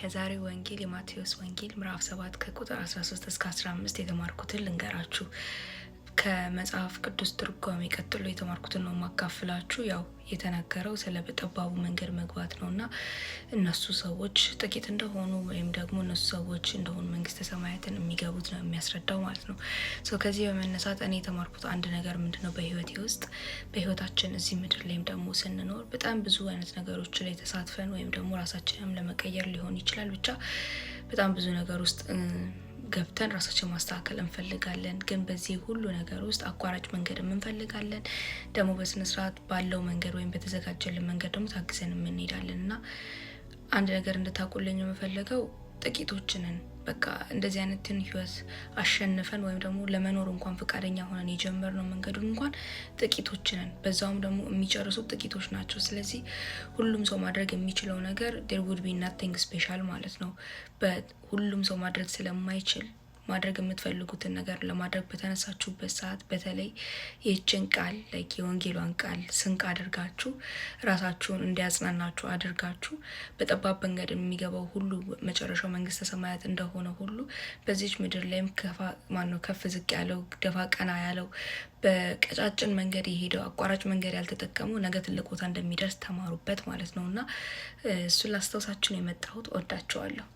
ከዛሬው ወንጌል የማቴዎስ ወንጌል ምዕራፍ 7 ከቁጥር 13 እስከ 15 የተማርኩትን ልንገራችሁ። ከመጽሐፍ ቅዱስ ትርጓሜ ቀጥሎ የተማርኩትን ነው ማካፍላችሁ። ያው የተነገረው ስለ በጠባቡ መንገድ መግባት ነው እና እነሱ ሰዎች ጥቂት እንደሆኑ ወይም ደግሞ እነሱ ሰዎች እንደሆኑ መንግስተ ሰማያትን የሚገቡት ነው የሚያስረዳው ማለት ነው። ሰው ከዚህ በመነሳት እኔ የተማርኩት አንድ ነገር ምንድን ነው በህይወቴ ውስጥ በህይወታችን እዚህ ምድር ላይም ደግሞ ስንኖር በጣም ብዙ አይነት ነገሮች ላይ ተሳትፈን ወይም ደግሞ ራሳችንም ለመቀየር ሊሆን ይችላል ብቻ በጣም ብዙ ነገር ውስጥ ገብተን ራሳችን ማስተካከል እንፈልጋለን። ግን በዚህ ሁሉ ነገር ውስጥ አቋራጭ መንገድ እንፈልጋለን። ደግሞ በስነስርዓት ባለው መንገድ ወይም በተዘጋጀልን መንገድ ደግሞ ታግዘን የምንሄዳለን እና አንድ ነገር እንድታቁልኝ የምፈልገው ጥቂቶችንን በቃ እንደዚህ አይነትን ህይወት አሸንፈን ወይም ደግሞ ለመኖር እንኳን ፈቃደኛ ሆነን የጀመርነው መንገዱ እንኳን ጥቂቶችንን በዛውም ደግሞ የሚጨርሱ ጥቂቶች ናቸው። ስለዚህ ሁሉም ሰው ማድረግ የሚችለው ነገር ዴር ውድ ቢ ናቲንግ ስፔሻል ማለት ነው። ሁሉም ሰው ማድረግ ስለማይችል ማድረግ የምትፈልጉትን ነገር ለማድረግ በተነሳችሁበት ሰዓት በተለይ ይህችን ቃል ላይክ የወንጌሏን ቃል ስንቅ አድርጋችሁ ራሳችሁን እንዲያጽናናችሁ አድርጋችሁ በጠባብ መንገድ የሚገባው ሁሉ መጨረሻው መንግስተ ሰማያት እንደሆነ ሁሉ በዚች ምድር ላይም ማነው ከፍ ዝቅ ያለው ደፋ ቀና ያለው በቀጫጭን መንገድ የሄደው አቋራጭ መንገድ ያልተጠቀሙ ነገ ትልቅ ቦታ እንደሚደርስ ተማሩበት ማለት ነው እና እሱን ላስታውሳችሁ ነው የመጣሁት። ወዳቸዋለሁ።